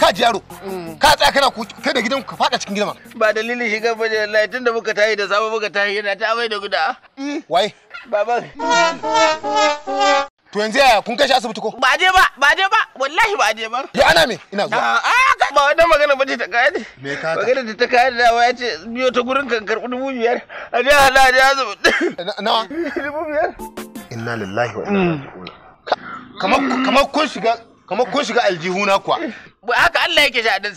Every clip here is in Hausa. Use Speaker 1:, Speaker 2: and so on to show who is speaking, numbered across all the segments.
Speaker 1: ka ji yaro ka tsaya kana kai da gidanku ka faɗa cikin gidan ba dalilin shiga ba da tun da muka tayi da sabo muka tayi yana ta amai da guda wai baba to yanzu yaya kun kai shi asibiti ko ba je ba ba je ba wallahi ba je ba ya ana me ina zuwa ba wannan magana ba ce ta kai ne me ka magana da ta kai da ya ce biyo ta gurin kan karbi dubu biyar a je hala a je asibiti nawa dubu biyar inna lillahi wa inna ilaihi
Speaker 2: raji'un
Speaker 1: kamar kun shiga kamar kun shiga aljihuna kuwa haka Allah yake sha din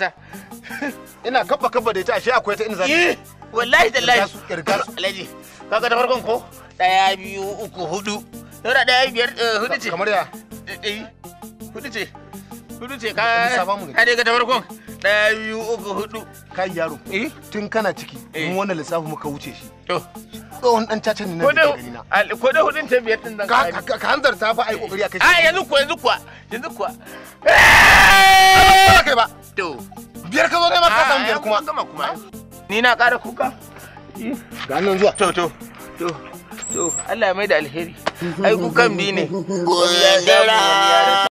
Speaker 1: ina kaba kaba da ita ashe akwai ta inzali. Eh, wallahi tallahi alaji. kaga da farkon ko daya biyu uku hudu da daya biyar eh, hudu ce kamar ya eh, hudu ce hudu ce ka ka dai ga da farkon ɗaya biyu uku hudu Kai yaro tun kana ciki mun wannan lissafi muka wuce shi to tsohon dan caca ne na ko da hudun ta biyar din nan ka hanzarta fa ai kokari a kai a yanzu ko yanzu kuwa yanzu kuwa kai ba to biyar ka zo ne ma ka ah, biyar kuka ga nan zuwa to to to Allah ya mai da alheri ai kukan bi ne